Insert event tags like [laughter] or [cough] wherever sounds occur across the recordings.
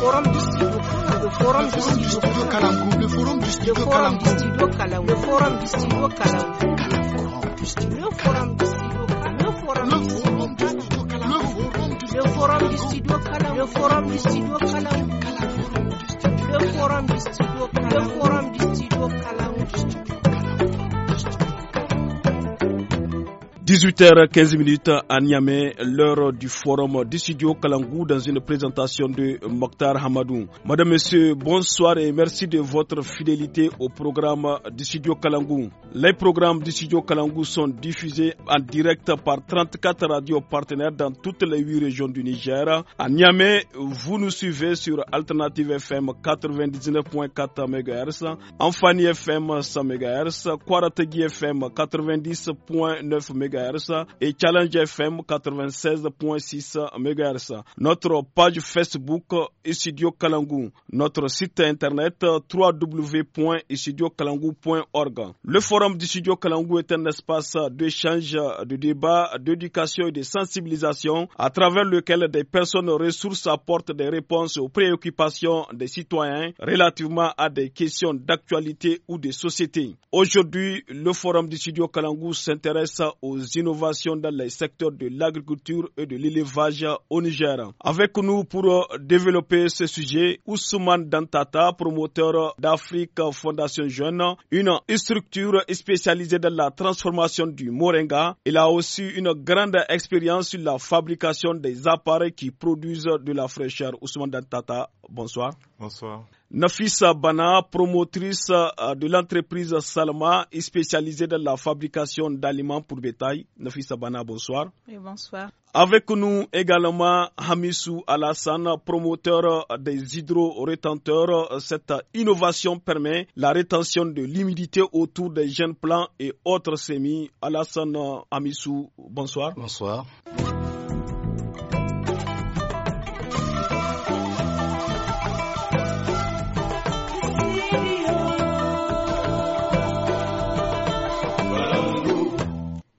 forum district the forum district kalangu the forum district kalangu the forum district kalangu le forum district kalangu le forum district kalangu le forum district kalangu le forum district kalangu le forum district kalangu le forum district kalangu 18h15 à Niamey, l'heure du forum du studio Kalangou dans une présentation de Mokhtar Hamadou. Madame, Monsieur, bonsoir et merci de votre fidélité au programme du studio Kalangou. Les programmes du studio Kalangou sont diffusés en direct par 34 radios partenaires dans toutes les 8 régions du Niger. À Niamey, vous nous suivez sur Alternative FM 99.4 MHz, Enfani FM 100 MHz, Kwarategi FM 90.9 MHz et Challenge FM 96.6 MHz. Notre page Facebook Studio Kalangu. Notre site internet www.studiokalangu.org. Le forum du Studio Kalangu est un espace d'échange, de débat, d'éducation et de sensibilisation à travers lequel des personnes ressources apportent des réponses aux préoccupations des citoyens relativement à des questions d'actualité ou de société. Aujourd'hui, le forum du Studio Kalangu s'intéresse aux innovations dans les secteurs de l'agriculture et de l'élevage au Niger. Avec nous pour euh, développer ce sujet, Ousmane Dantata, promoteur d'Afrique Fondation Jeune, une structure spécialisée dans la transformation du moringa. Il a aussi une grande expérience sur la fabrication des appareils qui produisent de la fraîcheur. Ousmane Dantata, bonsoir. Bonsoir. Nafisa Bana, promotrice euh, de l'entreprise Salma, spécialisée dans la fabrication d'aliments pour bétail. Nafisa Bana, bonsoir. bonsoir. Avec nous également Hamissou Alassane, promoteur des hydro-rétenteurs. Cette innovation permet la rétention de l'humidité autour des jeunes plants et autres semis. Alassane Hamissou, bonsoir. Bonsoir.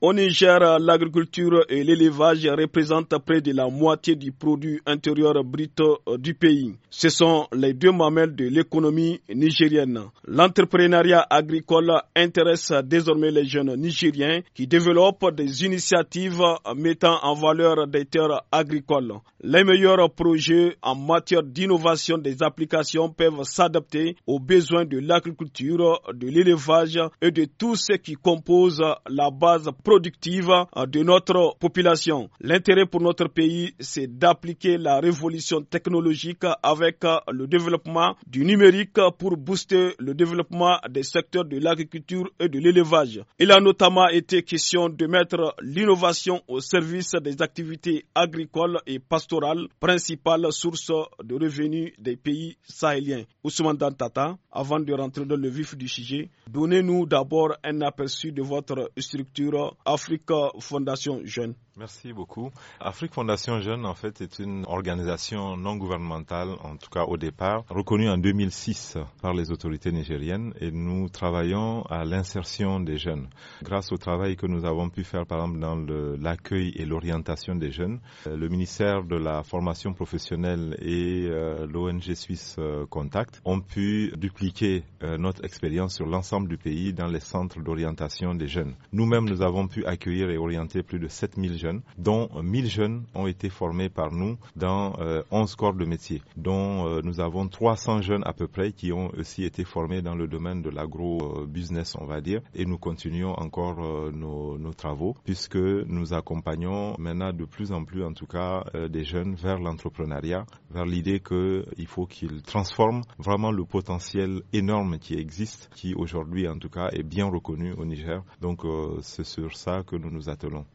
Au Niger, l'agriculture et l'élevage représentent près de la moitié du produit intérieur brut euh, du pays. Ce sont les deux mamelles de l'économie nigérienne. L'entrepreneuriat agricole intéresse désormais les jeunes nigériens qui développent des initiatives mettant en valeur des terres agricoles. Les meilleurs projets en matière d'innovation des applications peuvent s'adapter aux besoins de l'agriculture, de l'élevage et de tout ce qui compose la base productive euh, de notre population. L'intérêt pour notre pays, c'est d'appliquer la révolution technologique avec euh, le développement du numérique pour booster le développement des secteurs de l'agriculture et de l'élevage. Il a notamment été question de mettre l'innovation au service des activités agricoles et pastorales, principales sources de revenus des pays sahéliens. Ousmane Dantata, avant de rentrer dans le vif du sujet, donnez-nous d'abord un aperçu de votre structure Africa Fondation Jeune. Merci beaucoup. Afrique Fondation Jeunes en fait, est une organisation non gouvernementale, en tout cas au départ, reconnue en 2006 par les autorités nigériennes et nous travaillons à l'insertion des jeunes. Grâce au travail que nous avons pu faire, par exemple, dans l'accueil et l'orientation des jeunes, euh, le ministère de la formation professionnelle et euh, l'ONG suisse euh, Contact ont pu dupliquer notre expérience sur l'ensemble du pays dans les centres d'orientation des jeunes. Nous-mêmes, nous avons pu accueillir et orienter plus de 7000 jeunes dont 1000 jeunes ont été formés par nous dans 11 euh, corps de métier, dont euh, nous avons 300 jeunes à peu près qui ont aussi été formés dans le domaine de l'agro-business, euh, on va dire, et nous continuons encore nos, nos, travaux puisque nous accompagnons maintenant de plus en plus, en tout cas, des jeunes vers l'entrepreneuriat, vers l'idée qu'il faut qu'ils transforment vraiment le potentiel énorme qui existe, qui aujourd'hui, en tout cas, est bien reconnu au Niger. Donc, c'est sur ça que nous nous attelons.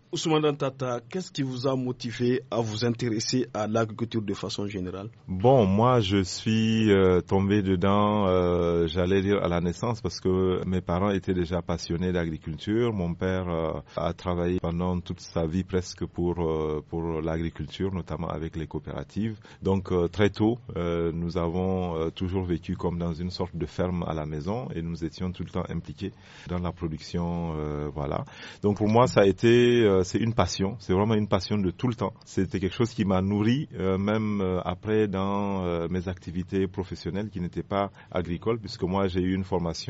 Tata, qu'est-ce qui vous a motivé à vous intéresser à l'agriculture de façon générale Bon, moi, je suis euh, tombé dedans, euh, j'allais dire à la naissance, parce que mes parents étaient déjà passionnés d'agriculture. Mon père euh, a travaillé pendant toute sa vie presque pour euh, pour l'agriculture, notamment avec les coopératives. Donc très tôt, nous avons toujours vécu comme dans une sorte de ferme à la maison et nous étions tout le temps impliqués dans la production. voilà. Donc pour moi, ça a été c'est une passion, c'est vraiment une passion de tout le temps. C'était quelque chose qui m'a nourri, euh, même euh, après dans euh, mes activités professionnelles qui n'étaient pas agricoles, puisque moi j'ai eu une formation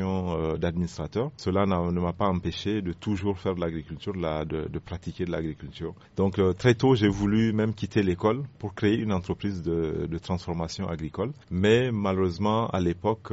d'administrateur. Cela ne m'a pas empêché de toujours faire de l'agriculture, de, pratiquer de l'agriculture. Donc très tôt, j'ai voulu même quitter l'école pour créer une entreprise de, de, transformation agricole. Mais malheureusement, à l'époque,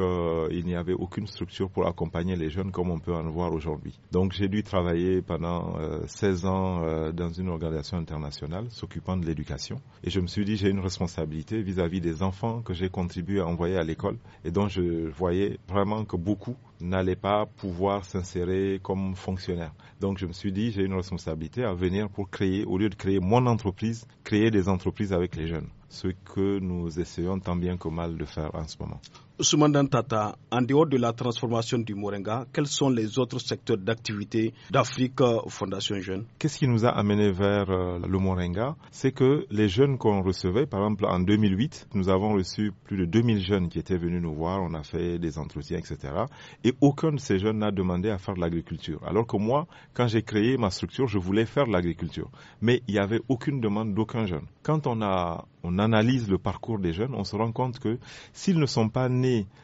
il n'y avait aucune structure pour accompagner les jeunes comme on peut en voir aujourd'hui. Donc j'ai dû travailler pendant 16 ans euh, dans une organisation internationale s'occupant de l'éducation. Et je me suis dit, j'ai une responsabilité vis-à-vis -vis des enfants que j'ai contribué à envoyer à l'école et dont je voyais vraiment que beaucoup n'allaient pas pouvoir s'insérer comme fonctionnaires. Donc je me suis dit, j'ai une responsabilité à venir pour créer, au lieu de créer mon entreprise, créer des entreprises avec les jeunes. Ce que nous essayons tant bien que mal de faire en ce moment. Soumandan Tata, en dehors de la transformation du Moringa, quels sont les autres secteurs d'activité d'Afrique euh, Fondation Jeune Qu'est-ce qui nous a amené vers euh, le Moringa C'est que les jeunes qu'on recevait, par exemple en 2008, nous avons reçu plus de 2000 jeunes qui étaient venus nous voir, on a fait des entretiens, etc. Et aucun de ces jeunes n'a demandé à faire de l'agriculture. Alors que moi, quand j'ai créé ma structure, je voulais faire de l'agriculture. Mais il n'y avait aucune demande d'aucun jeune. Quand on, a, on analyse le parcours des jeunes, on se rend compte que s'ils ne sont pas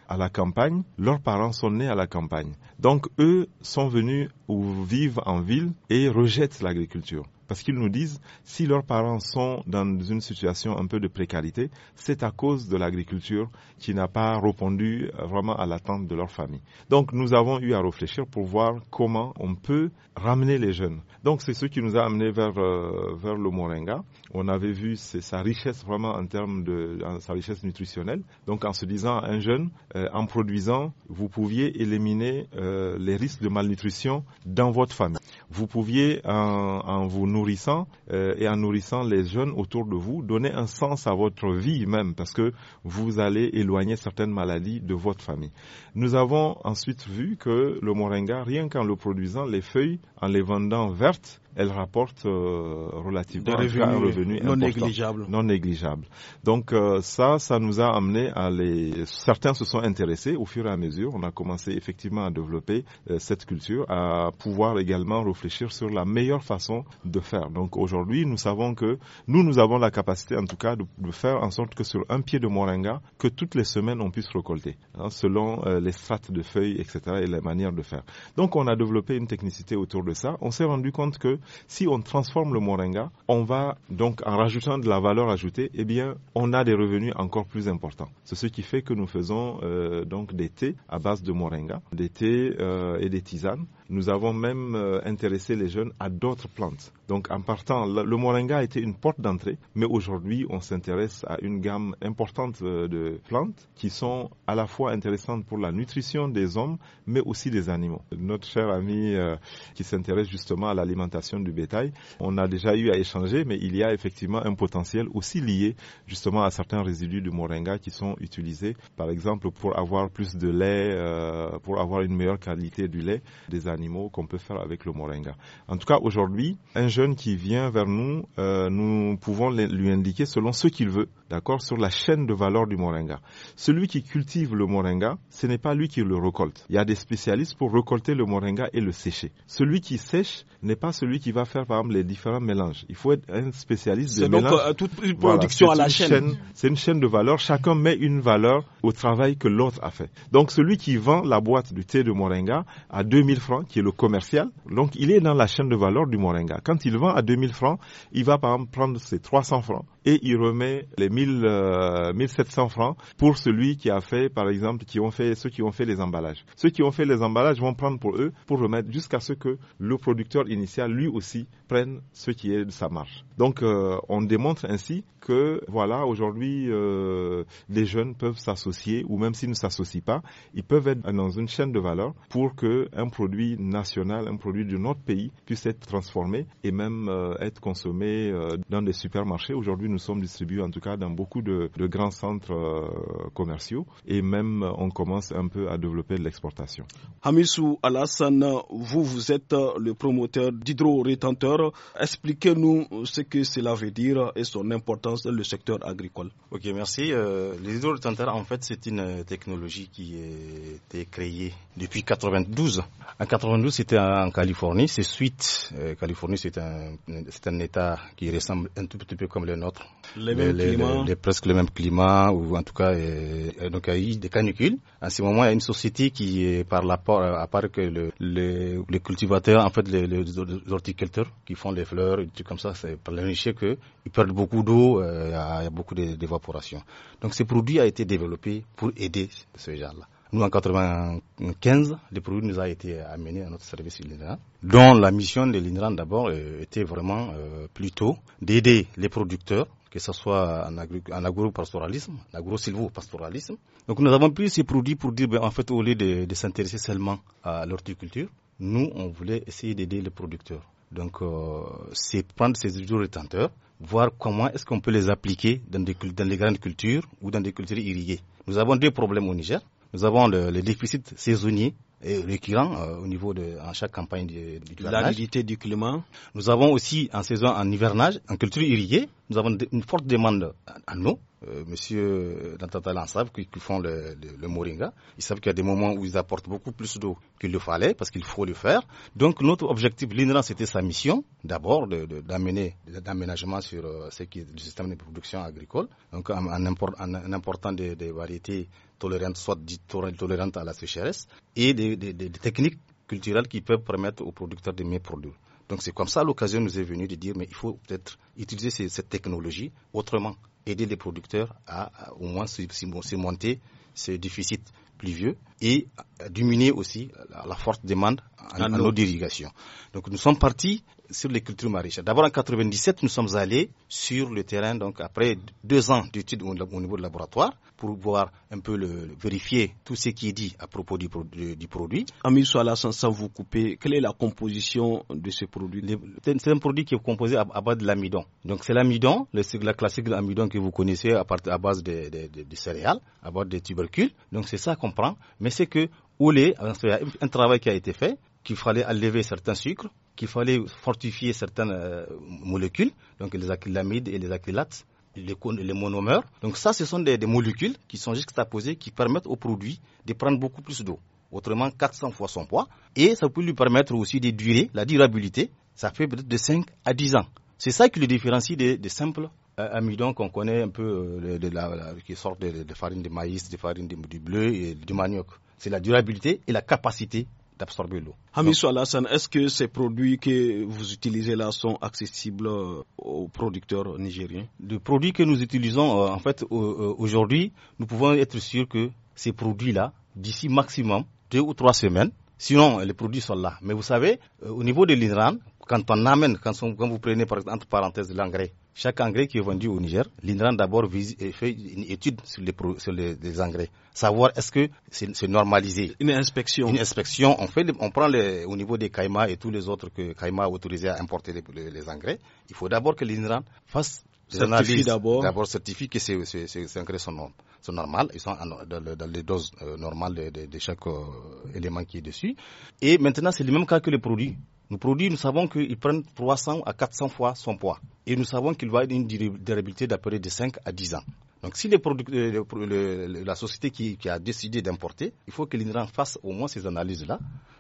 à la campagne, leurs parents sont nés à la campagne. Donc eux sont venus ou vivent en ville et rejettent l'agriculture. Parce qu'ils nous disent, si leurs parents sont dans une situation un peu de précarité, c'est à cause de l'agriculture qui n'a pas répondu euh, vraiment à l'attente de leur famille. Donc nous avons eu à réfléchir pour voir comment on peut ramener les jeunes. Donc c'est ce qui nous a amené vers, euh, vers le Moringa. On avait vu sa richesse vraiment en termes de sa richesse nutritionnelle. Donc en se disant un jeune, euh, en produisant, vous pouviez éliminer les risques de malnutrition dans votre famille vous pouviez, en, en vous nourrissant euh, et en nourrissant les jeunes autour de vous, donner un sens à votre vie même, parce que vous allez éloigner certaines maladies de votre famille. Nous avons ensuite vu que le moringa, rien qu'en le produisant, les feuilles, en les vendant vertes, elle rapporte euh, relativement un revenu non négligeable. Donc euh, ça, ça nous a amené à les. Certains se sont intéressés au fur et à mesure. On a commencé effectivement à développer euh, cette culture, à pouvoir également réfléchir sur la meilleure façon de faire. Donc aujourd'hui, nous savons que nous, nous avons la capacité, en tout cas, de, faire en sorte que sur un pied de moringa, que toutes les semaines on puisse récolter, hein, selon les strates de feuilles, etc. et les manières de faire. Donc on a développé une technicité autour de ça. On s'est rendu compte que si on transforme le moringa, on va donc en rajoutant de la valeur ajoutée, eh bien, on a des revenus encore plus importants. C'est ce qui fait que nous faisons euh, donc des thés à base de moringa, des thés euh, et des tisanes. Nous avons même euh, intéressé les jeunes à d'autres plantes. Donc en partant, le moringa était une porte d'entrée, mais aujourd'hui on s'intéresse à une gamme importante euh, de plantes qui sont à la fois intéressantes pour la nutrition des hommes, mais aussi des animaux. Notre cher ami euh, qui s'intéresse justement à l'alimentation du bétail, on a déjà eu à échanger, mais il y a effectivement un potentiel aussi lié justement à certains résidus de moringa qui sont utilisés, par exemple pour avoir plus de lait, euh, pour avoir une meilleure qualité du lait des animaux qu'on peut faire avec le moringa. En tout cas, aujourd'hui, un qui vient vers nous, euh, nous pouvons lui indiquer selon ce qu'il veut, d'accord, sur la chaîne de valeur du moringa. Celui qui cultive le moringa, ce n'est pas lui qui le récolte. Il y a des spécialistes pour récolter le moringa et le sécher. Celui qui sèche n'est pas celui qui va faire, par exemple, les différents mélanges. Il faut être un spécialiste de mélanges. Euh, c'est donc toute production à la chaîne. c'est une chaîne de valeur. Chacun met une valeur au travail que l'autre a fait. Donc, celui qui vend la boîte du thé de moringa à 2000 francs, qui est le commercial, donc il est dans la chaîne de valeur du moringa. Quand il vend à 2000 francs, il va par exemple prendre ses 300 francs et il remet les 1000, 1700 euh, francs pour celui qui a fait, par exemple, qui ont fait, ceux qui ont fait les emballages. Ceux qui ont fait les emballages vont prendre pour eux pour remettre jusqu'à ce que le producteur initial lui aussi prenne ce qui est de sa marge. Donc, euh, on démontre ainsi que, voilà, aujourd'hui, les euh, jeunes peuvent s'associer ou même s'ils ne s'associent pas, ils peuvent être dans une chaîne de valeur pour que un produit national, un produit de notre pays puisse être transformé et même euh, être consommé euh, dans des supermarchés. Aujourd'hui, nous sommes distribués en tout cas dans beaucoup de, grands centres euh, commerciaux et même on commence un peu à développer l'exportation. Sou Alassane, vous, vous êtes le promoteur d'hydro-rétenteur. Expliquez-nous ce que cela veut dire et son importance dans le secteur agricole. Ok, merci. les hydro en fait, c'est une technologie qui a été créée depuis 92. En 92, c'était en Californie. C'est suite, Californie, c'était c'est un, État qui ressemble un tout petit peu comme le nôtre. Les mêmes les, presque le même climat, ou en tout cas, euh, donc il y a eu des canicules. En ce moment, il y a une société qui par à part que les cultivateurs, en fait, les, horticulteurs qui font les fleurs, des comme ça, c'est par le que qu'ils perdent beaucoup d'eau, il y a beaucoup d'évaporation. Donc ce produit a été développé pour aider ce genre-là. Nous, en 1995, le produit nous a été amené à notre service INRAN, dont la mission de l'INRAN d'abord euh, était vraiment euh, plutôt d'aider les producteurs, que ce soit en, agro-pastoralisme, en agro-silvo-pastoralisme. Donc nous avons pris ces produits pour dire, ben, en fait, au lieu de, s'intéresser seulement à l'horticulture, nous, on voulait essayer d'aider les producteurs. Donc, euh, c'est prendre ces retenteurs, voir comment est-ce qu'on peut les appliquer dans, des, dans les grandes cultures ou dans des cultures irriguées. Nous avons deux problèmes au Niger. Nous avons le, déficit saisonnier et récurrent euh, au niveau de en chaque campagne du, du, du climat. Nous avons aussi en saison en hivernage, en culture irriguée, nous avons une forte demande à nous. Euh, monsieur Dantatala savent qui, font le, Moringa. Ils savent qu'il y a des moments où ils apportent beaucoup plus d'eau qu'il le fallait, parce qu'il faut le faire. Donc notre objectif, l'INRA, c'était sa mission, d'abord d'amener d'aménagement sur euh, ce qui est le système de production agricole, donc en, important des, variétés tolérantes, soit dites tolérantes à la sécheresse, et des, des techniques culturelles qui peuvent permettre aux producteurs de mieux produire. Donc c'est comme ça l'occasion nous est venue de dire mais il faut peut-être utiliser cette technologie autrement, aider les producteurs à, au moins surmonter ce déficit pluvieux et diminuer aussi la, forte demande en, en eau d'irrigation. Donc nous sommes partis sur les cultures maraîchères. D'abord, en 97, nous sommes allés sur le terrain, donc après deux ans d'études au, niveau du laboratoire, pour voir un peu vérifier tout ce qui est dit à propos du, produit. Ami sans, sans vous couper, quelle est la composition de ce produit C'est un produit qui est composé à, base de l'amidon. Donc, c'est l'amidon, la classique de l'amidon que vous connaissez à, à base de, de, céréales, à base de tubercules. Donc, c'est ça qu'on prend. Mais c'est que au lait, un travail qui a été fait qu'il fallait enlever certains sucres, qu'il fallait fortifier certaines euh, molécules, donc les acrylamides et les acrylates, les, les monomères. Donc ça, ce sont des, molécules qui sont juxtaposées, qui permettent au produit de prendre beaucoup plus d'eau, autrement 400 fois son poids, et ça peut lui permettre aussi de durer, la durabilité, ça fait peut-être de 5 à 10 ans. C'est ça qui le différencie des, simples euh, amidons qu'on connaît un peu, euh, de la, qui sortent de, farine de maïs, de farine de, du bleu et du manioc. C'est la durabilité et la capacité absorber l'eau. est-ce que ces produits que vous utilisez là sont accessibles euh, aux producteurs nigériens Les produits que nous utilisons, euh, en fait, euh, aujourd'hui, nous pouvons être sûrs que ces produits-là, d'ici maximum deux ou trois semaines, Sinon, les produits sont là. Mais vous savez, au niveau de l'Iran, quand on amène, quand, quand, vous prenez par exemple, entre parenthèses l'engrais, chaque engrais qui est vendu au Niger, l'INRAN d'abord fait une étude sur les, engrais, savoir est-ce que c'est normalisé. Une inspection. Une inspection. On prend au niveau des Caïma et tous les autres que Caïma a autorisé à importer les, engrais. Il faut d'abord que l'INRAN fasse certifie d'abord. D'abord certifie que ces engrais sont normes. C'est normal, ils sont dans, les doses euh, normales de, chaque euh, élément qui est dessus. Et maintenant, c'est le même cas que les produits. Nos produits, nous savons qu'ils prennent 300 à 400 fois son poids. Et nous savons qu'il va avoir une durabilité d'à de 5 à 10 ans. Donc, si les produits, euh, la société qui, a décidé d'importer, il faut qu'elle fasse au moins ces analyses-là.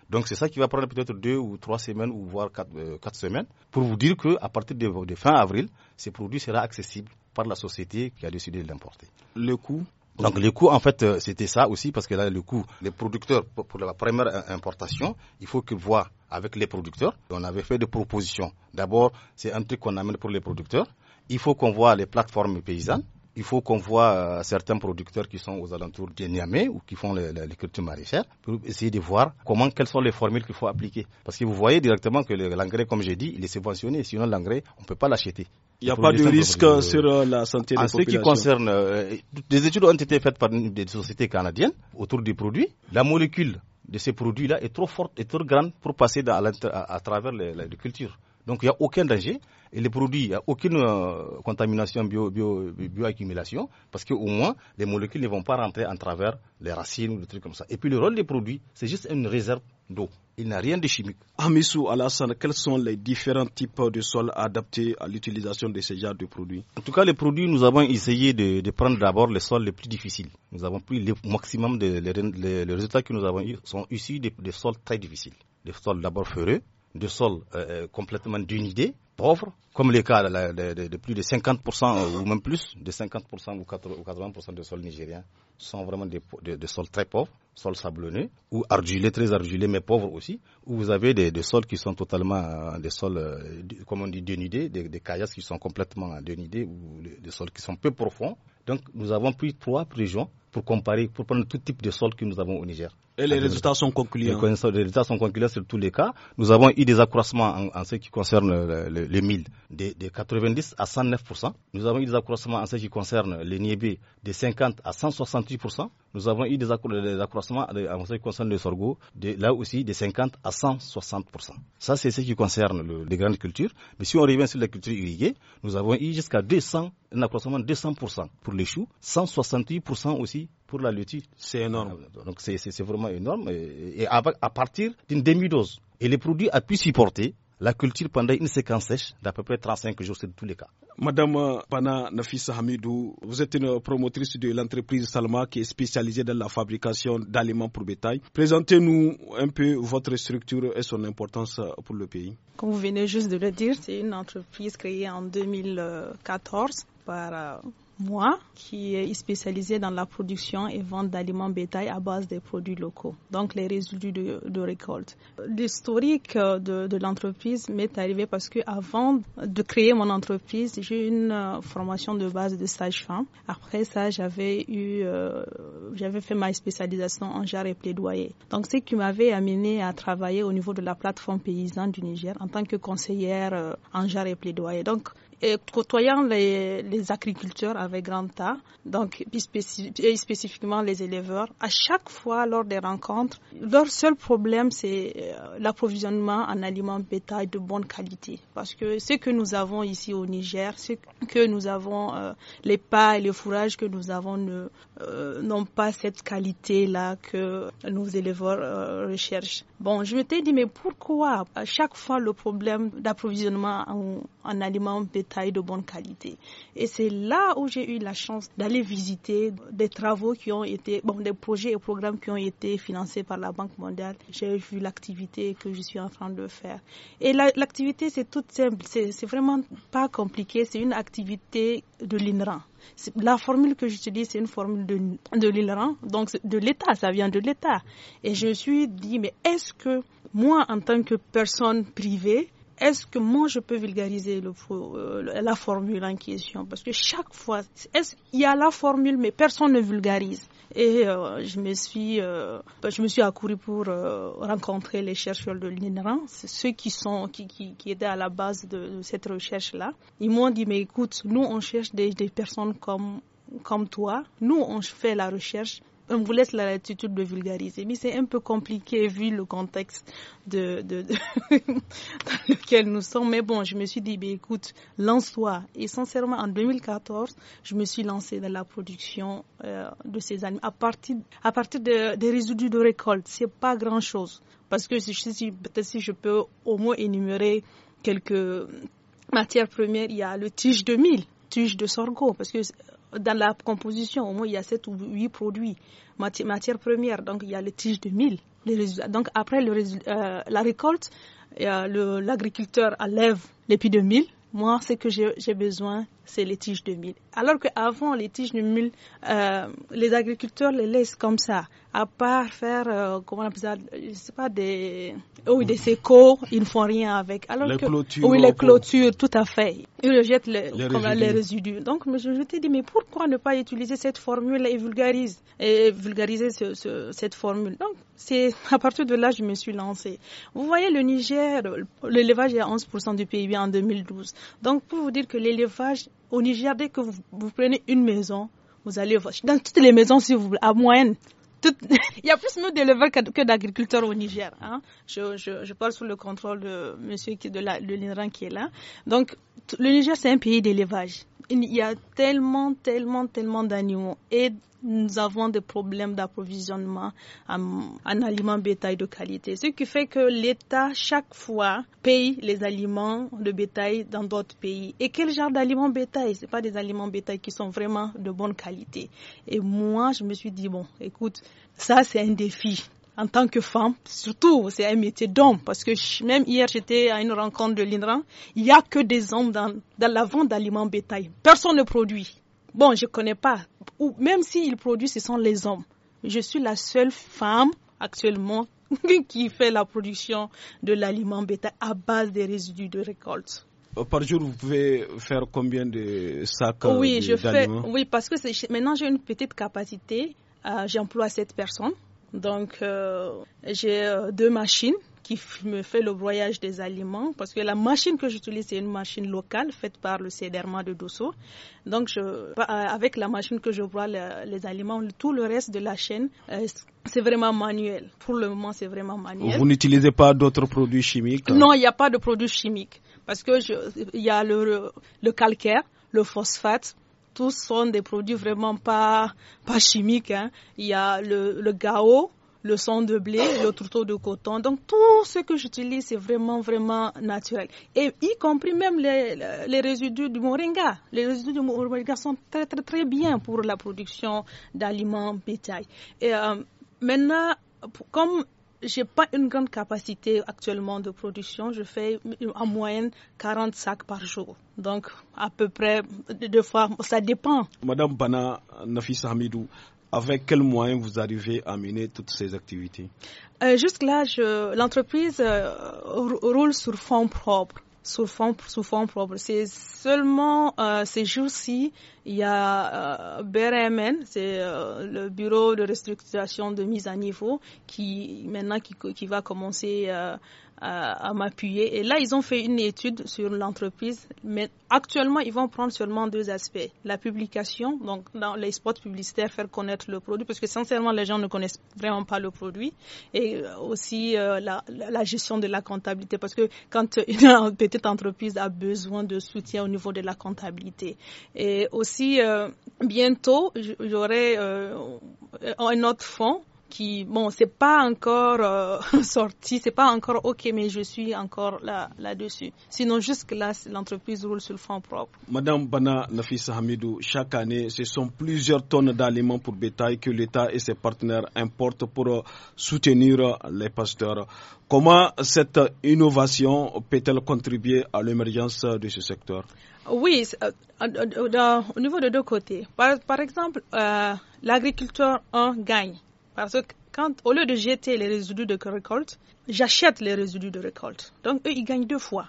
Donc, c'est ça qui va prendre peut-être deux ou trois semaines, ou voire quatre, semaines, pour vous dire qu'à partir de, de, fin avril, ces produits seront accessibles la société qui a décidé de l'importer. Le coût donc le coût, en fait, euh, c'était ça aussi, parce que là, le coût, les producteurs, pour la première importation, il faut qu'ils voient avec les producteurs. On avait fait des propositions. D'abord, c'est un truc qu'on amène pour les producteurs. Il faut qu'on voit les plateformes paysannes. Il faut qu'on voit euh, certains producteurs qui sont aux alentours de Niamey ou qui font les cultures maraîchères, pour essayer de voir comment, quelles sont les formules qu'il faut appliquer. Parce que vous voyez directement que l'engrais, comme j'ai dit, il est subventionné. Sinon, l'engrais, on ne peut pas l'acheter. Il n'y a pas de risque sur euh, la santé des populations. En ce qui concerne, euh, des études ont été faites par des sociétés canadiennes autour des produits. La molécule de ces produits-là est trop forte et trop grande pour passer à, travers les, cultures. Donc il n'y a aucun danger et les produits, il n'y a aucune euh, contamination bioaccumulation, bio, parce qu'au moins, les molécules ne vont pas rentrer en travers les racines ou des trucs comme ça. Et puis le rôle des produits, c'est juste une réserve d'eau. Il n'y a rien de chimique. Amisou Alassane, quels sont les différents types de sols adaptés à l'utilisation de ces genres de produits En tout cas, les produits, nous avons essayé de, prendre d'abord les sols les plus difficiles. Nous avons pris le maximum, de, les, résultats que nous avons eus sont issus des, sols très difficiles. Des sols d'abord ferreux, des sols euh, euh, complètement dénudés, pauvres, comme les cas de, plus de 50% euh, ou même plus de 50% ou 80% de sols nigériens sont vraiment des, sols très pauvres, sols sablonneux ou argilés, très argilés, mais pauvres aussi, où vous avez des, sols qui sont totalement euh, des sols, euh, comme on dit, dénudés, des, des caillasses qui sont complètement dénudés ou des sols qui sont peu profonds. Donc nous avons pris trois régions pour comparer, pour prendre tout type de sol que nous avons au Niger. Et les résultats sont concluants. Les, résultats sont concluants sur tous les cas. Nous avons eu des accroissements en, ce qui concerne le, le, les de, 90 à 109 Nous avons eu des accroissements en ce qui concerne les niébés de 50 à 168 Nous avons eu des, accroissements en ce qui concerne le sorgho de, là aussi de 50 à 160 Ça c'est ce qui concerne les grandes cultures. Mais si on revient sur les cultures irriguées, nous avons eu jusqu'à 200 un accroissement de 200 pour les choux, 168 aussi pour la lutte. C'est énorme. Ah, donc c'est vraiment énorme. Et à partir d'une demi-dose. Et les produits a pu supporter la culture pendant une séquence sèche d'à peu près 35 jours, c'est de tous les cas. Madame euh, Pana Nafisa Hamidou, vous êtes une promotrice de l'entreprise Salma qui est spécialisée dans la fabrication d'aliments pour bétail. Présentez-nous un peu votre structure et son importance euh, pour le pays. Comme vous venez juste de le dire, c'est une entreprise créée en 2014 euh, par moi, qui est spécialisée dans la production et vente d'aliments bétail à base des produits locaux, donc les résidus de, récolte. L'historique euh, de, l'entreprise m'est arrivé parce que avant de créer mon entreprise, j'ai eu une euh, formation de base de stage femme Après ça, j'avais eu, euh, j'avais fait ma spécialisation en jarre et plaidoyer. Donc, ce qui m'avait amené à travailler au niveau de la plateforme paysanne du Niger en tant que conseillère en jarre et plaidoyer. Donc, et côtoyant les, agriculteurs avec grand tas, donc et spécifiquement les éleveurs, à chaque fois lors des rencontres, leur seul problème c'est euh, l'approvisionnement en aliments bétail de bonne qualité. Parce que ce que nous avons ici au Niger, c'est que nous avons, euh, les pas et les fourrages que nous avons ne, euh, n'ont pas cette qualité-là que nos éleveurs euh, recherchent. Bon, je suis dit, mais pourquoi à chaque fois le problème d'approvisionnement en, aliments bétail de bonne qualité Et c'est là où j'ai eu la chance d'aller visiter des travaux qui ont été, bon, des projets et programmes qui ont été financés par la Banque mondiale. J'ai vu l'activité que je suis en train de faire. Et l'activité, c'est toute simple, c'est vraiment pas compliqué, c'est une activité de l'INRAN. La formule que j'utilise, c'est une formule de, de donc de l'État, ça vient de l'État. Et je me suis dit, mais est-ce que moi, en tant que personne privée, est-ce que moi je peux vulgariser euh, la formule en question Parce que chaque fois, il y a la formule, mais personne ne vulgarise. Et euh, euh, bah, je, me suis, accourue pour euh, rencontrer les chercheurs de l'INRA, ceux qui, qui, qui, étaient à la base de, cette recherche-là. Ils m'ont dit, mais écoute, nous, on cherche des, personnes comme, comme toi. Nous, on fait la recherche on vous laisse la latitude de vulgariser, mais c'est un peu compliqué vu le contexte de, [laughs] dans lequel nous sommes. Mais bon, je me suis dit, bah, écoute, lance-toi. Et sincèrement, en 2014, je me suis lancée dans la production euh, de ces animaux à partir, à partir de, des résidus de récolte. C'est pas grand-chose. Parce que si, peut-être si je peux au moins énumérer quelques matières premières, il y a le tige de mille tige de sorgho, parce que euh, dans la composition, au moins, il y a sept ou huit produits. matières premières. donc il y a les tiges de mille. donc après euh, la récolte, l'agriculteur enlève l'épi de mille. Moi, c'est que j'ai besoin c'est les tiges de mil. Alors qu'avant, les tiges de mil, euh, les agriculteurs les laissent comme ça, à part faire, euh, comment on appelle ça, je sais pas, des, oh oui, des sécos, ils ne font rien avec. Alors les que, clôtures. Oui, les clôtures, tout à fait. Ils rejettent les, résidus. Donc, je suis dit, mais pourquoi ne pas utiliser cette formule et vulgariser, et vulgariser ce, cette formule Donc, c'est à partir de là, je me suis lancée. Vous voyez, le Niger, l'élevage est à 11% du PIB en 2012. Donc, pour vous dire que l'élevage au Niger, dès que vous, prenez une maison, vous allez dans toutes les maisons, si vous voulez, à moyenne, [laughs] il y a plus d'éleveurs que d'agriculteurs au Niger. Hein. Je, je, je, parle sous le contrôle de monsieur qui, de l'INRAN qui est là. Donc, le Niger, c'est un pays d'élevage. Il y a tellement, tellement, tellement d'animaux. Et nous avons des problèmes d'approvisionnement en, aliments bétail de qualité. Ce qui fait que l'État, chaque fois, paye les aliments de bétail dans d'autres pays. Et quel genre d'aliments bétail Ce pas des aliments bétail qui sont vraiment de bonne qualité. Et moi, je me suis dit, bon, écoute, ça, c'est un défi en tant que femme, surtout, c'est un métier d'homme. Parce que même hier, j'étais à une rencontre de l'INRAN. Il n'y a que des hommes dans, dans la vente d'aliments bétail. Personne ne produit. Bon, je connais pas. Ou, même s'ils produisent, ce sont les hommes. Je suis la seule femme actuellement [laughs] qui fait la production de l'aliment bêta à base des résidus de récolte. Euh, par jour, vous pouvez faire combien de sacs euh, Oui, je fais. Oui, parce que maintenant j'ai une petite capacité. Euh, j'emploie sept personnes. Donc, j'ai deux machines qui me fait le broyage des aliments parce que la machine que j'utilise c'est une machine locale faite par le CEDERMA de Dosso. Donc je, euh, avec la machine que je broie les, aliments, tout le reste de la chaîne, euh, c'est vraiment manuel. Pour le moment, c'est vraiment manuel. Vous n'utilisez pas d'autres produits chimiques hein? Non, il n'y a pas de produits chimiques parce que il y a le, calcaire, le phosphate tous sont des produits vraiment pas, pas chimiques. Hein. Il y a le, le gao, le son de blé, le tourteau de coton. Donc tout ce que j'utilise, c'est vraiment, vraiment naturel. Et y compris même les, les, résidus du moringa. Les résidus du moringa sont très, très, très bien pour la production d'aliments bétail. Et euh, maintenant, comme je n'ai pas une grande capacité actuellement de production. Je fais en moyenne 40 sacs par jour. Donc, à peu près deux fois, ça dépend. Madame Bana Nafisa Hamidou, avec quels moyens vous arrivez à mener toutes ces activités euh, Jusque-là, l'entreprise euh, roule sur fonds propres. sur fonds, sous fond propres. C'est seulement euh, ces jours-ci, il y a euh, BRMN, c'est euh, le bureau de restructuration de mise à niveau, qui maintenant qui, qui va commencer euh, à, m'appuyer. Et là, ils ont fait une étude sur l'entreprise, mais actuellement, ils vont prendre seulement deux aspects. La publication, donc dans les spots publicitaires, faire connaître le produit, parce que sincèrement, les gens ne connaissent vraiment pas le produit. Et euh, aussi euh, la, la, gestion de la comptabilité, parce que quand [laughs] une petite entreprise a besoin de soutien au niveau de la comptabilité. Et aussi, euh, bientôt, j'aurai un autre fonds qui, bon, c'est pas encore euh, sorti, [laughs] sorti, c'est pas encore OK, mais je suis encore là, là-dessus. Sinon, jusque-là, l'entreprise roule sur le fond propre. Madame Bana Nafisa Hamidou, chaque année, ce sont plusieurs tonnes d'aliments pour bétail que l'État et ses partenaires importent pour euh, soutenir euh, les pasteurs. Comment cette innovation peut-elle contribuer à l'émergence de ce secteur Oui, au niveau de deux côtés. Par, exemple, l'agriculture en gagne parce que quand, au lieu de jeter les résidus de récolte, j'achète les résidus de récolte. Donc, eux, ils gagnent deux fois.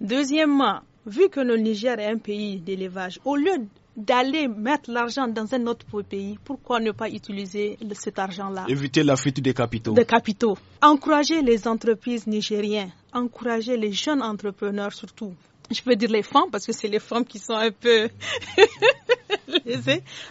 Deuxièmement, vu que le Niger est un pays d'élevage, au lieu d'aller mettre l'argent dans un autre pays, pourquoi ne pas utiliser cet argent-là Éviter la fuite des capitaux. Des capitaux. Encourager les entreprises nigériennes, encourager les jeunes entrepreneurs surtout, [laughs] je peux dire les femmes parce que c'est les femmes qui sont un peu [laughs]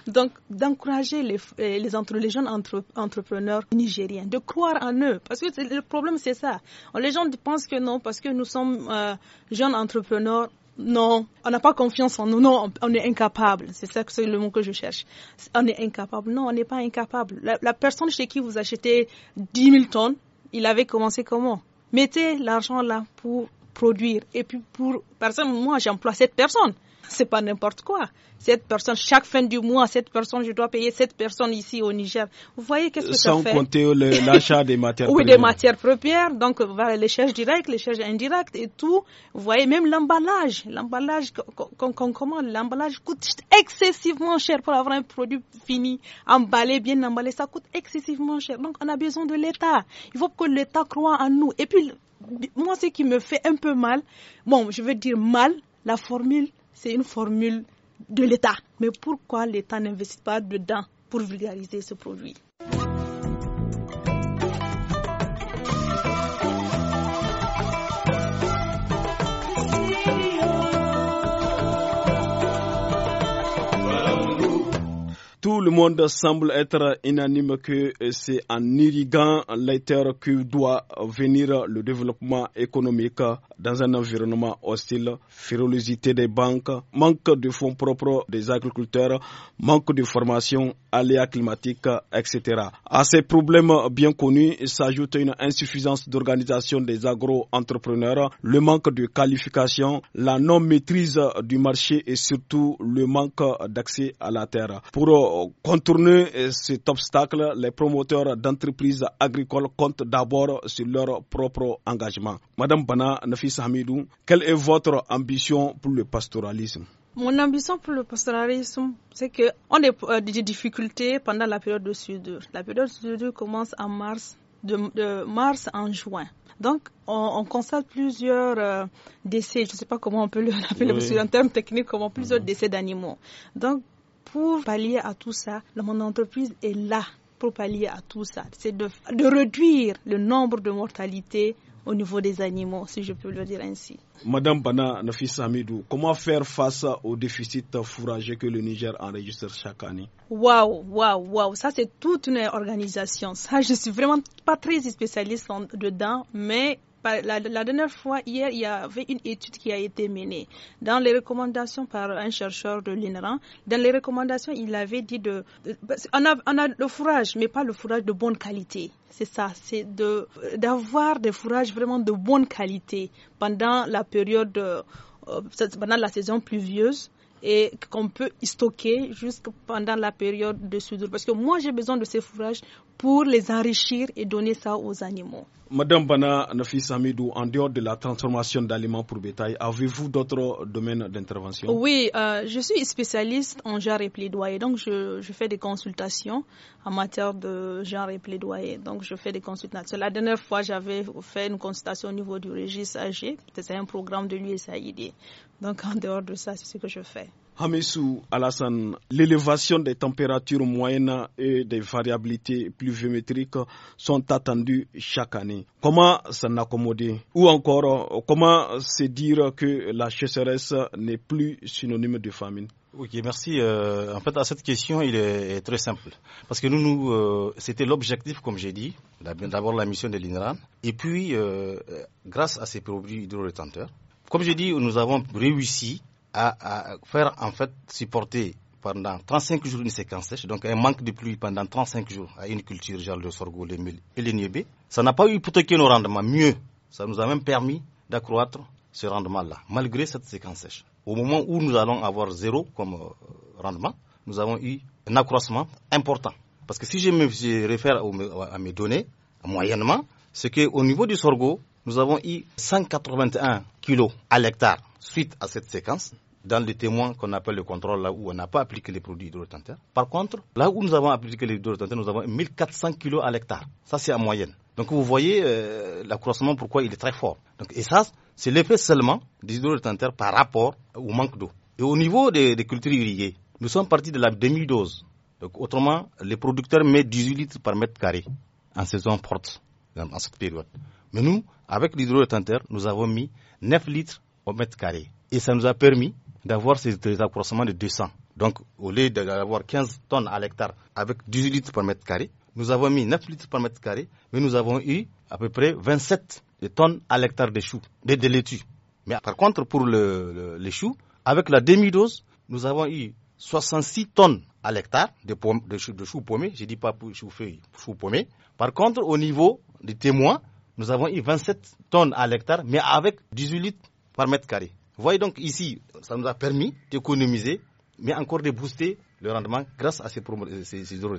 Donc, d'encourager les, euh, jeunes entrepreneurs nigériens, de croire en eux. Parce que le problème, c'est ça. Les gens pensent que non, parce que nous sommes euh, jeunes entrepreneurs. Non, on n'a pas confiance en nous. Non, on est incapable. C'est ça que c'est le mot que je cherche. On est incapable. Non, on n'est pas incapable. La, la personne chez qui vous achetez 10 000 tonnes, il avait commencé comment Mettez l'argent là pour produire. Et puis, pour, personne, moi, j'emploie cette personne. C'est pas n'importe quoi. Cette personne, chaque fin du mois, cette personne, je dois payer cette personne ici au Niger. Vous voyez qu'est-ce que ça fait Sans compter [laughs] l'achat des matières premières. Oui, des matières premières. Donc, les charges directes, les charges indirectes et tout. Vous voyez, même l'emballage. L'emballage qu'on commande, l'emballage coûte excessivement cher pour avoir un produit fini, emballé, bien emballé. Ça coûte excessivement cher. Donc, on a besoin de l'État. Il faut que l'État croit en nous. Et puis, moi, ce qui me fait un peu mal, bon, je veux dire mal, la formule, c'est une formule de l'État. Mais pourquoi l'État n'investit pas dedans pour vulgariser ce produit tout le monde semble être unanime que c'est en irriguant les terres que doit venir le développement économique dans un environnement hostile, férolosité des banques, manque de fonds propres des agriculteurs, manque de formation, aléas climatiques, etc. À ces problèmes bien connus s'ajoute une insuffisance d'organisation des agro-entrepreneurs, le manque de qualification, la non-maîtrise du marché et surtout le manque d'accès à la terre. Pour contourner euh, cet obstacle, les promoteurs d'entreprises agricoles comptent d'abord sur leur propre engagement. Madame Bana Nafis Hamidou, quelle est votre ambition pour le pastoralisme mon ambition pour le pastoralisme, c'est qu'on a euh, des difficultés pendant la période de soudure. La période de soudure commence en mars, de, mars en juin. Donc, on, constate plusieurs euh, décès, je ne sais pas comment on peut le [laughs] oui. en termes techniques, comment plusieurs mhm. décès d'animaux. Donc, pour pallier à tout ça, mon entreprise est là pour pallier à tout ça. C'est de, de réduire le nombre de mortalités au niveau des animaux, si je peux le dire ainsi. Madame Bana Nafis Samidou, comment faire face au déficit fourragé que le Niger enregistre chaque année Waouh, waouh, waouh, ça c'est toute une organisation. Ça, je suis vraiment pas très spécialiste dedans, mais la, dernière fois, hier, il y avait une étude qui a été menée. Dans les recommandations par un chercheur de l'INRAN, dans les recommandations, il avait dit de. on, a, le fourrage, mais pas le fourrage de bonne qualité. C'est ça, c'est d'avoir des fourrages vraiment de bonne qualité pendant la période, euh, euh, pendant la saison pluvieuse et qu'on peut y stocker jusqu'à pendant la période de soudure. Parce que moi, j'ai besoin de ces fourrages pour les enrichir et donner ça aux animaux. Madame Bana Nafis Hamidou, en dehors de la transformation d'aliments pour bétail, avez-vous d'autres domaines d'intervention Oui, euh, je suis spécialiste en genre et plaidoyer, donc je, fais des consultations en matière de genre et plaidoyer. Donc je fais des consultations. La dernière fois, j'avais fait une consultation au niveau du registre AG, c'est un programme de l'USAID. Donc en dehors de ça, c'est ce que je fais sous Alassane, l'élévation des températures moyennes et des variabilités pluviométriques sont attendues chaque année. Comment s'en accommoder Ou encore, comment se dire que la chasseresse n'est plus synonyme de famine Ok, merci. Euh, en fait, à cette question, il est, très simple. Parce que nous, euh, c'était l'objectif, comme j'ai dit, d'abord la mission de l'INRAN. Et puis, euh, grâce à ces produits hydro-retenteurs, comme j'ai dit, nous avons réussi à, faire en fait supporter pendant 35 jours une séquence sèche, donc un manque de pluie pendant 35 jours à une culture genre le sorgho, les mil et les niébé, ça n'a pas eu hypothéqué nos rendements. Mieux, ça nous a même permis d'accroître ce rendement-là, malgré cette séquence sèche. Au moment où nous allons avoir zéro comme euh, rendement, nous avons eu un accroissement important. Parce que si je me réfère à mes données, moyennement, c'est qu'au niveau du sorgho, nous avons eu 181 kilos à l'hectare suite à cette séquence dans les témoins qu'on appelle le contrôle, là où on n'a pas appliqué les produits hydrotentaires. Par contre, là où nous avons appliqué les hydrotentaires, nous avons 1400 kilos à l'hectare. Ça, c'est en moyenne. Donc vous voyez euh, l'accroissement, pourquoi il est très fort. et ça, c'est l'effet seulement des hydrotentaires par rapport au manque d'eau. Et au niveau des, cultures irriguées, nous sommes partis de la demi-dose. Donc autrement, les producteurs mettent 18 litres par mètre carré en saison forte, en cette période. Mais nous, avec l'hydrotentaire, nous avons mis 9 litres au mètre carré. Et ça nous a permis d'avoir ces accroissements de 200. Donc, au lieu d'avoir 15 tonnes à l'hectare avec 18 litres par mètre carré, nous avons mis 9 litres par mètre carré, mais nous avons eu à peu près 27 tonnes à l'hectare de choux, de, de Mais par contre, pour les choux, avec la demi-dose, nous avons eu 66 tonnes à l'hectare de, choux, de paumés. Je ne dis pas choux feuilles, choux paumés. Par contre, au niveau des témoins, nous avons eu 27 tonnes à l'hectare, mais avec 18 litres par mètre carré. Vous Voyez donc ici, ça nous a permis d'économiser, mais encore de booster le rendement grâce à ces, euh, ces, ces là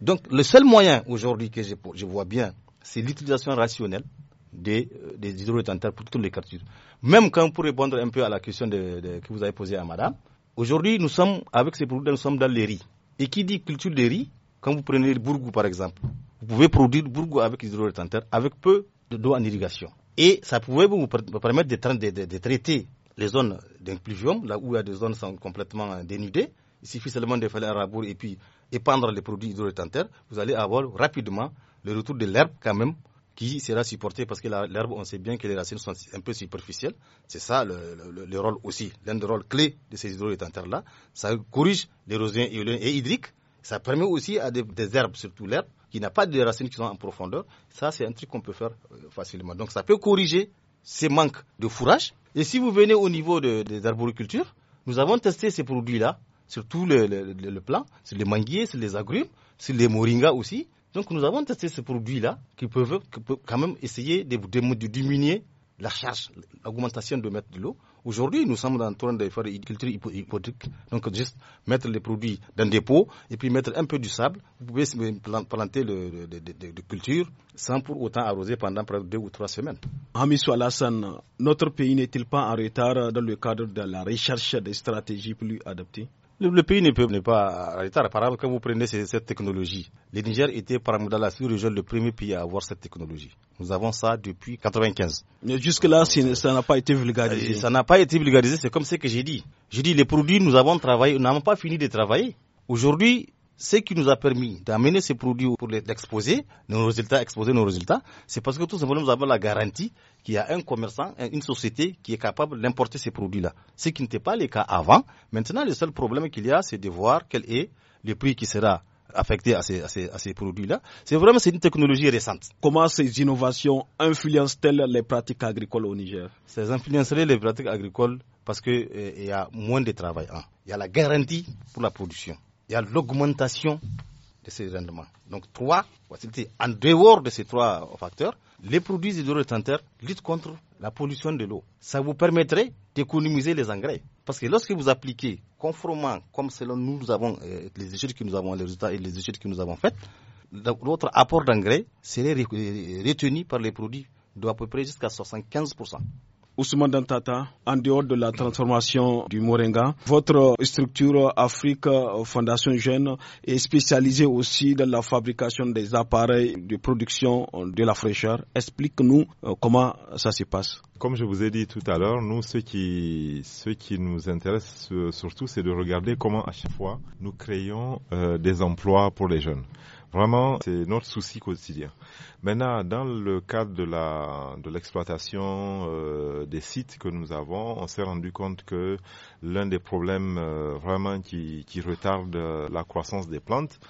Donc le seul moyen aujourd'hui que je, vois bien, c'est l'utilisation rationnelle des, euh, des retenteurs pour toutes les cultures Même quand, pour répondre un peu à la question que vous avez posée à madame, aujourd'hui nous sommes, avec ces produits, nous sommes dans les riz. Et qui dit culture des riz, quand vous prenez le bourgou par exemple, vous pouvez produire bourgou avec hydro-retenteurs, avec peu d'eau en irrigation. Et ça pouvait vous permettre de, de traiter les zones d'inclusion, là où il y a des zones sont complètement dénudées, il suffit seulement de faire un rabour et puis épandre les produits hydroétentaires, vous allez avoir rapidement le retour de l'herbe quand même qui sera supportée parce que l'herbe, on sait bien que les racines sont un peu superficielles. C'est ça le, rôle aussi, l'un des rôles clés de ces hydroétentaires-là. Ça corrige l'érosion et hydrique. Ça permet aussi à des, des herbes, surtout l'herbe, qui n'a pas de racines qui sont en profondeur. Ça, c'est un truc qu'on peut faire euh, facilement. Donc, ça peut corriger ces manques de fourrage. Et si vous venez au niveau de, des arboricultures, nous avons testé ces produits-là sur tout le, le, plan, sur les manguiers, sur les agrumes, sur les moringas aussi. Donc nous avons testé ces produits-là qui peuvent, quand même essayer de, de diminuer la charge, l'augmentation de mettre de l'eau. Aujourd'hui, nous sommes en train de faire une culture hypothétique. Donc, juste mettre les produits dans des pots et puis mettre un peu du sable. Vous pouvez planter le de, cultures sans pour autant arroser pendant près de deux ou trois semaines. Amisou Alassane, notre pays n'est-il pas en retard dans le cadre de la recherche des stratégies plus adaptées le, pays ne peut ne pas arrêter. Par exemple, quand vous prenez cette technologie, le Niger était parmi la sous le premier pays à avoir cette technologie. Nous avons ça depuis 95. Mais jusque-là, ça n'a pas été vulgarisé. Euh, ça n'a pas été vulgarisé, c'est comme ce que j'ai dit. J'ai dit, les produits, nous avons travaillé, nous n'avons pas fini de travailler. Aujourd'hui, ce qui nous a permis d'amener ces produits pour les exposer, nos résultats, exposer nos résultats, c'est parce que tout simplement nous avons la garantie qu'il y a un commerçant, une société qui est capable d'importer ces produits-là. Ce qui n'était pas le cas avant. Maintenant, le seul problème qu'il y a, c'est de voir quel est le prix qui sera affecté à ces, produits-là. C'est vraiment une technologie récente. Comment ces innovations influencent-elles les pratiques agricoles au Niger Ces influenceraient les pratiques agricoles parce qu'il euh, y a moins de travail. Hein. Il y a la garantie pour la production il y a l'augmentation de ces rendements. Donc trois En dehors de ces trois facteurs, les produits hydrotenteurs luttent contre la pollution de l'eau. Ça vous permettrait d'économiser les engrais. Parce que lorsque vous appliquez conformément, comme selon nous, avons euh, les études que nous avons, les résultats et les études que nous avons faites, l'autre apport d'engrais serait retenu par les produits d'à peu près jusqu'à 75%. Ousmane Dantata, en dehors de la transformation du Moringa, votre structure Afrique Fondation Jeune est spécialisée aussi dans la fabrication des appareils de production de la fraîcheur. Explique-nous euh, comment ça se passe. Comme je vous ai dit tout à l'heure, nous, ce qui, ce qui nous intéresse euh, surtout, c'est de regarder comment à chaque fois nous créons euh, des emplois pour les jeunes. Vraiment, c'est notre souci quotidien. Maintenant, dans le cadre de la de l'exploitation euh, des sites que nous avons, on s'est rendu compte que l'un des problèmes euh, vraiment qui, qui retarde euh, la croissance des plantes,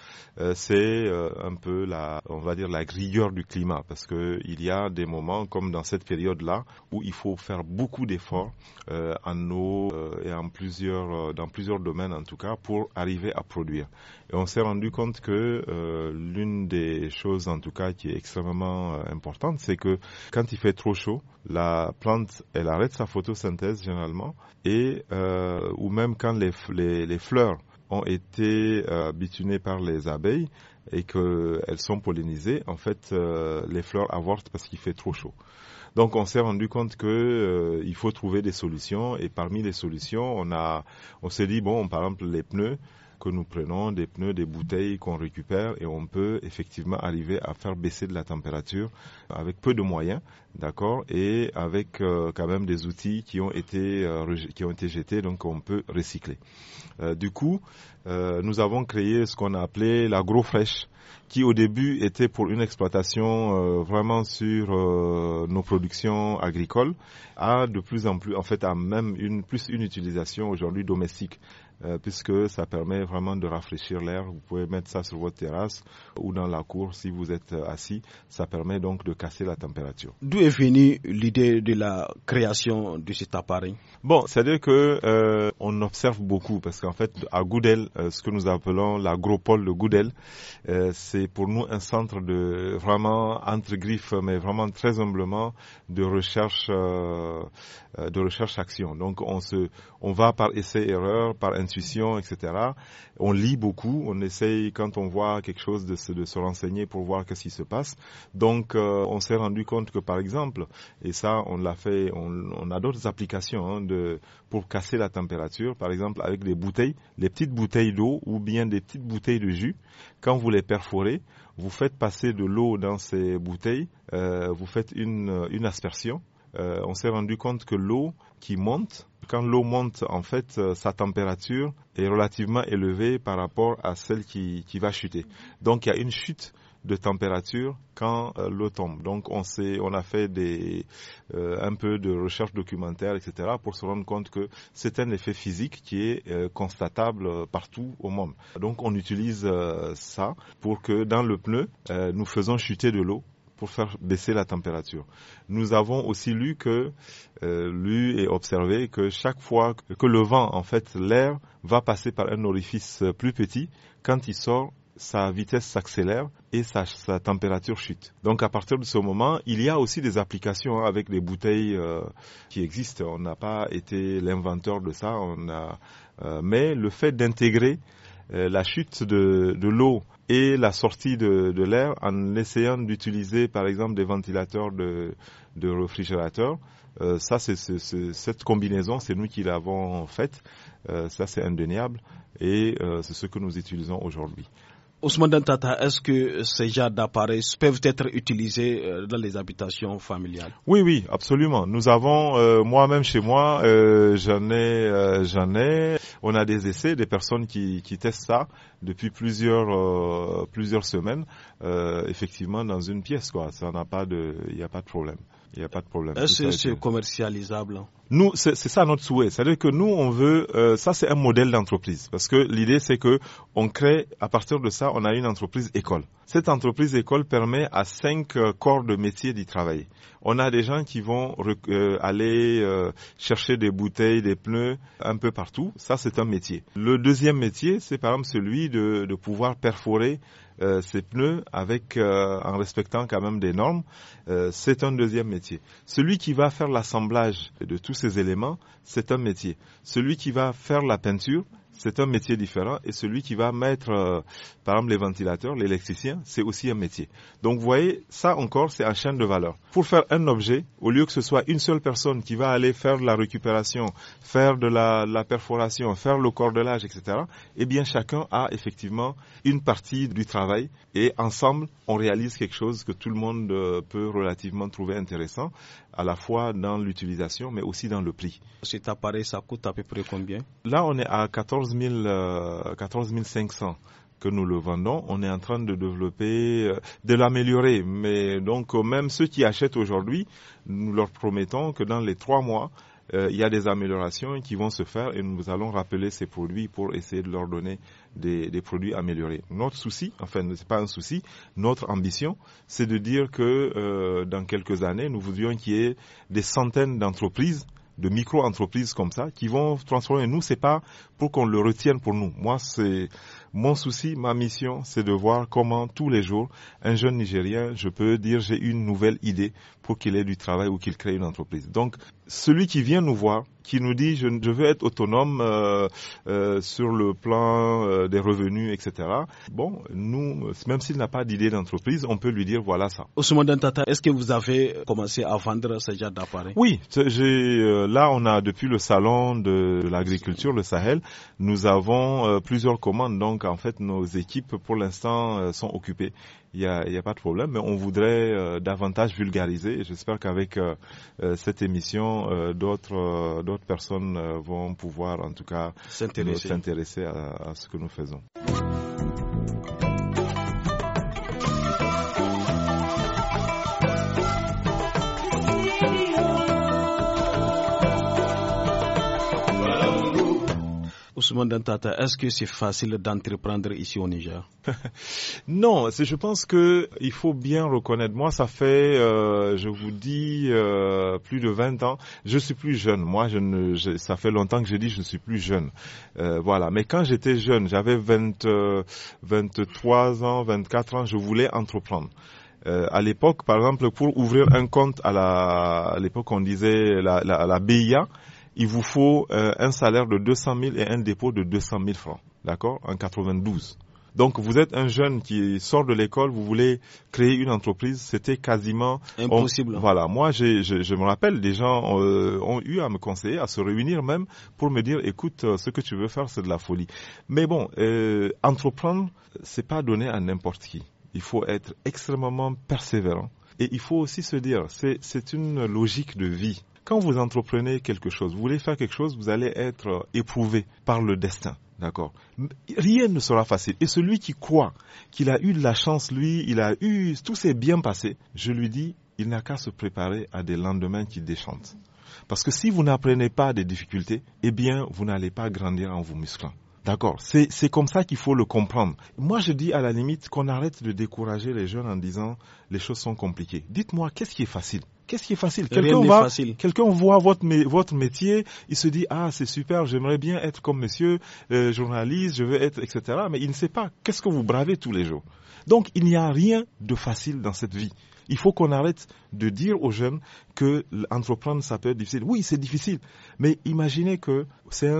euh, c'est euh, un peu la on va dire la grilleur du climat parce que il y a des moments comme dans cette période là où il faut faire beaucoup d'efforts en eau et en plusieurs dans plusieurs domaines en tout cas pour arriver à produire. Et on s'est rendu compte que l'une des choses en tout cas qui est vraiment euh, importante, c'est que quand il fait trop chaud, la plante, elle arrête sa photosynthèse généralement, et euh, ou même quand les, les, fleurs ont été euh, bitunées par les abeilles et qu'elles sont pollinisées, en fait, les fleurs avortent parce qu'il fait trop chaud. Donc on s'est rendu compte que il faut trouver des solutions et parmi les solutions, on a on s'est dit bon, par exemple les pneus que nous prenons, des pneus, des bouteilles qu'on récupère et on peut effectivement arriver à faire baisser de la température avec peu de moyens, d'accord, et avec euh, quand même des outils qui ont été euh, qui ont été jetés, donc on peut recycler. Euh, du coup, nous avons créé ce qu'on a appelé l'agro-fraîche, qui au début était pour une exploitation vraiment sur nos productions agricoles, a de plus en plus, en fait, a même une plus une utilisation aujourd'hui domestique. Euh, puisque ça permet vraiment de rafraîchir l'air. Vous pouvez mettre ça sur votre terrasse ou dans la cour si vous êtes euh, assis. Ça permet donc de casser la température. D'où est venue l'idée de la création de cet appareil Bon, c'est-à-dire que euh, on observe beaucoup parce qu'en fait à Goudel, euh, ce que nous appelons l'agropole de Goudel, c'est pour nous un centre de vraiment entre griffes, mais vraiment très humblement de recherche, de recherche action. Donc on se, on va par essai erreur, par intuition, etc. On lit beaucoup, on essaye quand on voit quelque chose de se, renseigner pour voir qu'est-ce qui se passe. Donc, euh, on s'est rendu compte que, par exemple, et ça, on l'a fait, on, a d'autres applications hein, de, pour casser la température, par exemple avec des bouteilles, les petites bouteilles d'eau ou bien des petites bouteilles de jus. Quand vous les perforez, vous faites passer de l'eau dans ces bouteilles, euh, vous faites une, aspersion. Euh, on s'est rendu compte que l'eau qui monte quand l'eau monte, en fait, euh, sa température est relativement élevée par rapport à celle qui, qui va chuter. Donc il y a une chute de température quand euh, l'eau tombe. Donc on on a fait des, euh, un peu de recherche documentaire, etc., pour se rendre compte que c'est un effet physique qui est constatable partout au monde. Donc on utilise ça pour que dans le pneu, nous faisons chuter de l'eau pour faire baisser la température. Nous avons aussi lu que, euh, lu et observé que chaque fois que le vent, en fait, l'air va passer par un orifice euh, plus petit, quand il sort, sa vitesse s'accélère et sa, sa, température chute. Donc à partir de ce moment, il y a aussi des applications hein, avec des bouteilles euh, qui existent. On n'a pas été l'inventeur de ça, on a, euh, mais le fait d'intégrer euh, la chute de, de l'eau et la sortie de, de l'air en essayant d'utiliser par exemple des ventilateurs de, de réfrigérateurs. Euh, ça, c'est cette combinaison, c'est nous qui l'avons faite. Euh, ça, c'est indéniable et c'est ce que nous utilisons aujourd'hui. Ousmane Dantata, est-ce que ces genres d'appareils peuvent être utilisés euh, dans les habitations familiales Oui, oui, absolument. Nous avons, euh, moi-même chez moi, euh, j'en ai, j'en ai. On a des essais, des personnes qui, testent ça depuis plusieurs, plusieurs semaines. effectivement, dans une pièce, quoi. Ça n'a pas de, il n'y a pas de problème. Il n'y a pas de problème. Euh, c'est commercialisable. Hein. Nous, c'est ça notre souhait. C'est-à-dire que nous, on veut, euh, ça c'est un modèle d'entreprise. Parce que l'idée, c'est que on crée, à partir de ça, on a une entreprise école. Cette entreprise école permet à cinq euh, corps de métier d'y travailler. On a des gens qui vont aller chercher des bouteilles, des pneus un peu partout. Ça, c'est un métier. Le deuxième métier, c'est par exemple celui de, de pouvoir perforer euh, ces pneus avec, euh, en respectant quand même des normes, euh, c'est un deuxième métier. Celui qui va faire l'assemblage de tous ces éléments, c'est un métier. Celui qui va faire la peinture, c'est un métier différent et celui qui va mettre, euh, par exemple, les ventilateurs, l'électricien, c'est aussi un métier. Donc vous voyez, ça encore, c'est un chaîne de valeur. Pour faire un objet, au lieu que ce soit une seule personne qui va aller faire de la récupération, faire de la, la perforation, faire le cordelage, etc., eh bien chacun a effectivement une partie du travail et ensemble, on réalise quelque chose que tout le monde euh, peut relativement trouver intéressant à la fois dans l'utilisation mais aussi dans le prix. Cet appareil, ça coûte à peu près combien Là, on est à 14, 500 euh, que nous le vendons, on est en train de développer, euh, de l'améliorer. Mais donc, euh, même ceux qui achètent aujourd'hui, nous leur promettons que dans les trois mois, euh, il y a des améliorations qui vont se faire et nous allons rappeler ces produits pour essayer de leur donner des, des produits améliorés. Notre souci, enfin, ce n'est pas un souci, notre ambition, c'est de dire que euh, dans quelques années, nous voudrions qu'il y ait des centaines d'entreprises de micro-entreprises comme ça qui vont transformer. Nous, c'est pas pour qu'on le retienne pour nous. Moi, c'est mon souci, ma mission, c'est de voir comment tous les jours, un jeune Nigérien, je peux dire, j'ai une nouvelle idée pour qu'il ait du travail ou qu'il crée une entreprise. Donc, celui qui vient nous voir, qui nous dit je, veux être autonome euh, euh, sur le plan euh, des revenus, etc. Bon, nous, même s'il n'a pas d'idée d'entreprise, on peut lui dire voilà ça. Ousmane tata, est-ce que vous avez commencé à vendre ce genre d'appareil? Oui, là on a depuis le salon de l'agriculture, le Sahel, nous avons plusieurs commandes. Donc en fait, nos équipes pour l'instant sont occupées il n'y a, pas de problème, mais on voudrait euh, davantage vulgariser. J'espère qu'avec euh, euh, cette émission, d'autres personnes vont pouvoir en tout cas s'intéresser à ce que nous faisons. Ousmane Dantata, est-ce que c'est facile d'entreprendre ici au Niger [laughs] Non, je pense que il faut bien reconnaître. Moi, ça fait, euh, je vous dis, euh, plus de 20 ans. Je suis plus jeune. Moi, je ne, ça fait longtemps que j'ai dit je ne suis plus jeune. Euh, voilà. Mais quand j'étais jeune, j'avais 20, 23 ans, 24 ans, je voulais entreprendre. Euh, à l'époque, par exemple, pour ouvrir un compte à l'époque, on disait la, la, la BIA, il vous faut euh, un salaire de 200 000 et un dépôt de 200 000 francs, d'accord, en 92. Donc vous êtes un jeune qui sort de l'école, vous voulez créer une entreprise, c'était quasiment impossible. voilà, moi je, me rappelle, des gens euh, ont, eu à me conseiller, à se réunir même pour me dire, écoute, euh, ce que tu veux faire, c'est de la folie. Mais bon, entreprendre, c'est pas donné à n'importe qui. Il faut être extrêmement persévérant. Et il faut aussi se dire, c'est une logique de vie. Quand vous entreprenez quelque chose, vous voulez faire quelque chose, vous allez être euh, éprouvé par le destin. D'accord. Rien ne sera facile. Et celui qui croit qu'il a eu de la chance, lui, il a eu, tout s'est bien passé, je lui dis, il n'a qu'à se préparer à des lendemains qui déchantent. Parce que si vous n'apprenez pas des difficultés, eh bien, vous n'allez pas grandir en vous musclant. D'accord C'est comme ça qu'il faut le comprendre. Moi, je dis à la limite qu'on arrête de décourager les jeunes en disant les choses sont compliquées. Dites-moi, qu'est-ce qui est facile Qu'est-ce qui est facile Quelqu'un voit votre métier, il se dit ah c'est super, j'aimerais bien être comme monsieur euh, journaliste, je veux être etc. Mais il ne sait pas qu'est-ce que vous bravez tous les jours. Donc il n'y a rien de facile dans cette vie. Il faut qu'on arrête de dire aux jeunes que entreprendre ça peut être difficile. Oui, c'est difficile, mais imaginez que c'est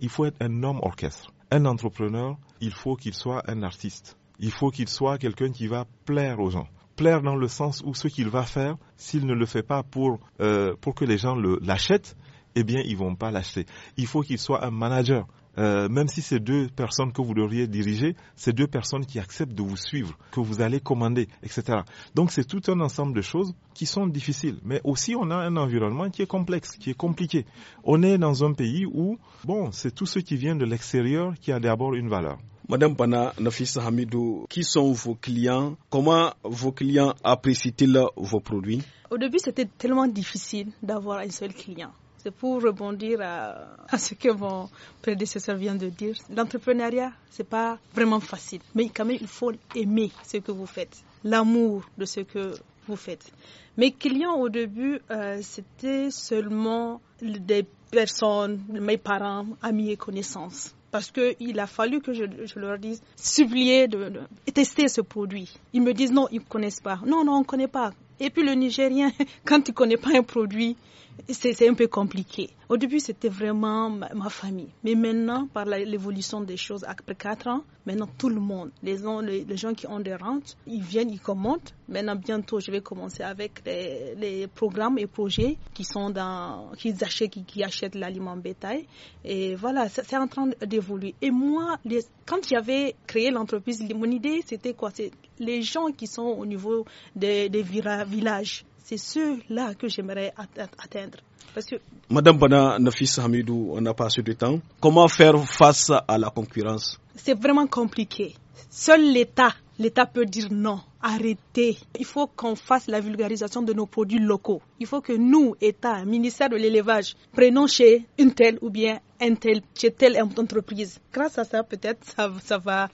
il faut être un homme orchestre. Un entrepreneur, il faut qu'il soit un artiste. Il faut qu'il soit quelqu'un qui va plaire aux gens plaire dans le sens où ce qu'il va faire, s'il ne le fait pas pour, euh, pour que les gens l'achètent, eh bien, ils vont pas l'acheter. Il faut qu'il soit un manager. Euh, même si c'est deux personnes que vous devriez diriger, c'est deux personnes qui acceptent de vous suivre, que vous allez commander, etc. Donc c'est tout un ensemble de choses qui sont difficiles. Mais aussi on a un environnement qui est complexe, qui est compliqué. On est dans un pays où, bon, c'est tout ce qui vient de l'extérieur qui a d'abord une valeur. Madame Bana Nafisa Hamidou, qui sont vos clients Comment vos clients apprécient-ils vos produits Au début, c'était tellement difficile d'avoir un seul client. C'est pour rebondir à, ce que mon prédécesseur vient de dire. L'entrepreneuriat, c'est pas vraiment facile, mais quand même, il faut aimer ce que vous faites, l'amour de ce que vous faites. Mes clients au début, euh, c'était seulement des personnes, mes parents, amis et connaissances parce qu'il a fallu que je, leur dise, supplier de, tester ce produit. Ils me disent non, ils ne connaissent pas. Non, non, on ne connaît pas. Et puis le Nigérien, [laughs] quand il ne connaît pas un produit, c'est un peu compliqué. Au début, c'était vraiment ma, famille. Mais maintenant, par l'évolution des choses, après 4 ans, maintenant tout le monde, les, les, gens qui ont des rentes, ils viennent, ils commentent. Maintenant, bientôt, je vais commencer avec les, programmes et projets qui sont dans, qui achètent, qui, achètent l'aliment bétail. Et voilà, c'est en train d'évoluer. Et moi, quand j'avais créé l'entreprise, mon idée, c'était quoi? C'est les gens qui sont au niveau des, des villages c'est cela que j'aimerais atteindre. Parce que... Madame Bana Nafis Hamidou, on n'a pas assez de temps. Comment faire face à la concurrence C'est vraiment compliqué. Seul l'État, l'État peut dire non, arrêter. Il faut qu'on fasse la vulgarisation de nos produits locaux. Il faut que nous, État, ministère de l'élevage, prenons chez une telle ou bien chez telle entreprise. Grâce à ça, peut-être, ça, ça, va.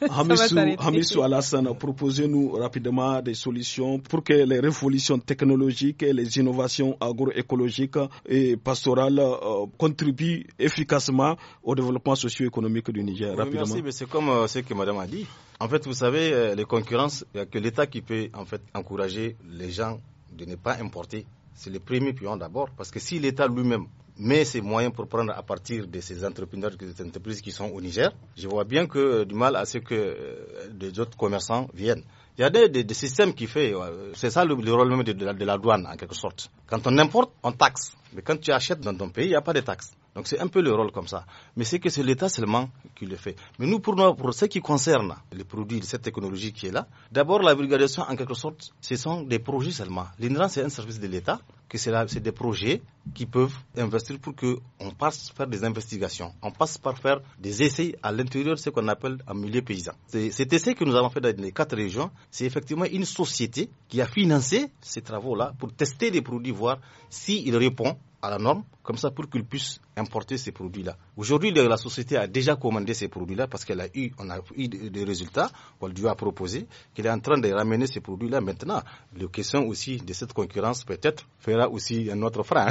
[laughs] Hamissou Alassane, proposez-nous rapidement des solutions pour que les révolutions technologiques et les innovations agroécologiques et pastorales euh, contribuent efficacement au développement socio-économique du Niger. Merci, mais c'est comme euh, ce que madame a dit. En fait, vous savez, euh, les concurrences, il n'y a que l'État qui peut en fait encourager les gens de ne pas importer. C'est le premier pion d'abord, parce que si l'État lui-même mais ces moyens pour prendre à partir de ces entrepreneurs, de ces entreprises qui sont au Niger, je vois bien que euh, du mal à ce que euh, des autres commerçants viennent. Il y a des, des, systèmes qui fait, euh, c'est ça le, rôle même de, la, de, la, douane en quelque sorte. Quand on importe, on taxe. Mais quand tu achètes dans ton pays, il n'y a pas de taxe. Donc c'est un peu le rôle comme ça. Mais c'est que c'est l'État seulement qui le fait. Mais nous, pour, nous, pour ce qui concerne les produits de cette technologie qui est là, d'abord la vulgarisation, en quelque sorte, ce sont des projets seulement. L'INRAN, c'est un service de l'État, c'est des projets qui peuvent investir pour qu'on passe faire des investigations, on passe par faire des essais à l'intérieur de ce qu'on appelle un milieu paysan. Cet essai que nous avons fait dans les quatre régions, c'est effectivement une société qui a financé ces travaux-là pour tester les produits, voir s'ils répondent à la norme comme ça pour qu'ils puissent importer ces produits-là. Aujourd'hui, la société a déjà commandé ces produits-là parce qu'elle a eu, on a eu des résultats qu'on lui a proposé qu'elle est en train de ramener ces produits-là maintenant. le question aussi de cette concurrence peut-être fera aussi un autre frein.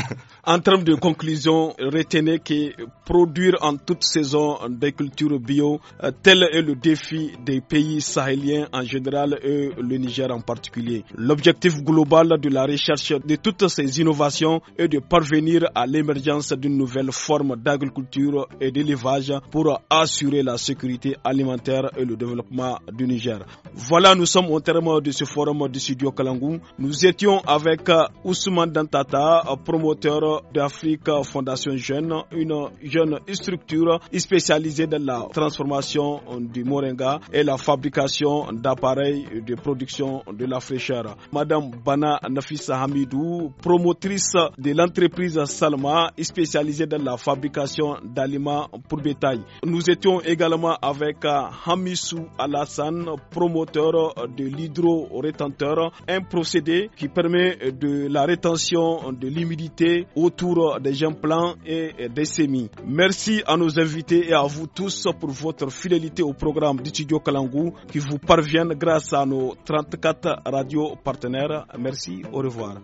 En termes de conclusion, retenez que produire en toute saison des cultures bio, euh, tel est le défi des pays sahéliens en général et le Niger en particulier. L'objectif global de la recherche de toutes ces innovations est de parvenir à l'émergence d'une nouvelle forme d'agriculture et d'élevage pour assurer la sécurité alimentaire et le développement du Niger. Voilà, nous sommes au terme de ce forum de studio Kalangou. Nous étions avec Ousmane Dantata, promoteur d'Afrique Fondation Jeune, une jeune structure spécialisée dans la transformation du moringa et la fabrication d'appareils de production de la fraîcheur. Madame Bana Nafisa Hamidou, promotrice de l'entreprise Salma spécialisé dans la fabrication d'aliments pour bétail. Nous étions également avec euh, Hamissou Alassane, promoteur de l'hydro-rétenteur, un procédé qui permet de la rétention de l'humidité autour des jeunes plants et des semis. Merci à nos invités et à vous tous pour votre fidélité au programme du studio Kalangou qui vous parvient grâce à nos 34 radios partenaires. Merci, au revoir.